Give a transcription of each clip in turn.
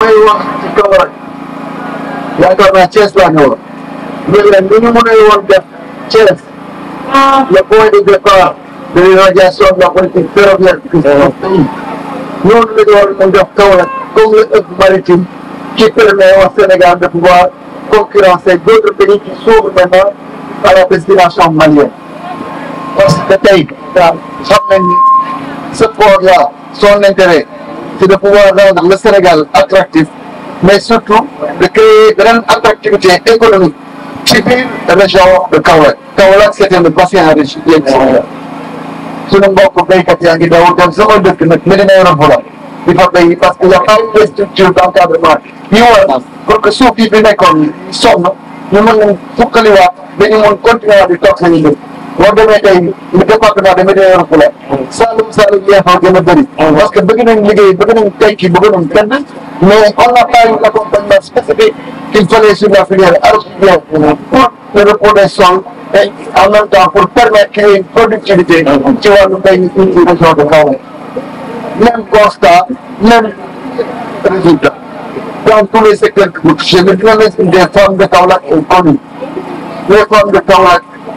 may wax ci Kaolack yaakaar naa Thiès laa ne woon léegi nag ni a de départ de l'éradiation de la politique ferroviaire du pays ah. noonu la ñu war a def Kaolack comme le hub maritime qui permet au Sénégal de pouvoir concurrencer d'autres pays qui s'ouvrent maintenant à la destination malienne parce que tey daal xam nañ ni ce c'est de pouvoir rendre le Sénégal attractif mais surtout de créer beneen attractivité économique ci biir région de Kaolack. Kaolack c'était le bassin riche léegi Sénégal suñu mbokk béykat yaa ngi daw dem sama dëkk nag Médina Yoro Fula di fa béy parce que y a pas de structure d'encadrement yi war pour que suuf yi bi nekkoon sonn ñu mën leen fukkaliwaat ba ñu mën continuer di toog seen dëkk. boo demee tey mu département de Médina Yoro la Saloum Saloum yee xaw gën a bëri parce que bëgg nañ liggéey bëgg nañ tekki bëgg nañ kenn mais on n'a pas eu l'accompagnement spécifique qu'il fallait sur la filière arachide pour le repos des sols et en même temps pour permettre qu'il y ait une productivité ci wàllu mbéy mi ci région de Kaolack même constat même résultat dans tous les secteurs que vous touchez mais dina leen des femmes de Kaolack et connues les femmes de Kaolack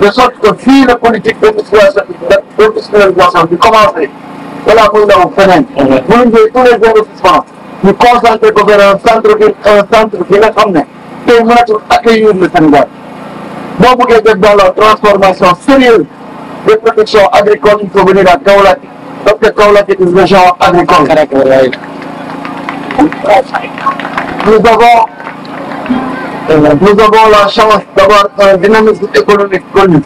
de sorte que fii la politique industrielle de bi commencé balaa muy ndaw feneen. bu ñu jëlee tous les investissements ñu concentré ko vers un centre bi un de bi nga xam ne tey mënatul accueillir le Sénégal boo bëggee jot dans la transformation sérieuse des productions agricoles il faut venir à Kaolack parce que Kaolack est une région agricole. nous avons Nous avons la chance d'avoir un dynamisme économique connu.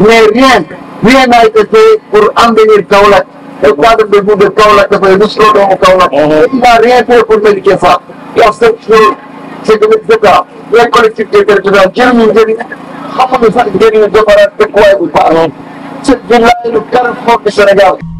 Mais rien, rien n'a été fait pour embellir Kaolak. Le cadre de vous de Kaolak, nous serons dans Kaolak. Il n'a rien fait pour mériter ça. Il y a cette chose, c'est que l'État, les collectivités territoriales, Jérémy, Jérémy, Barat, de quoi et de quoi. Cette ville-là est le carrefour du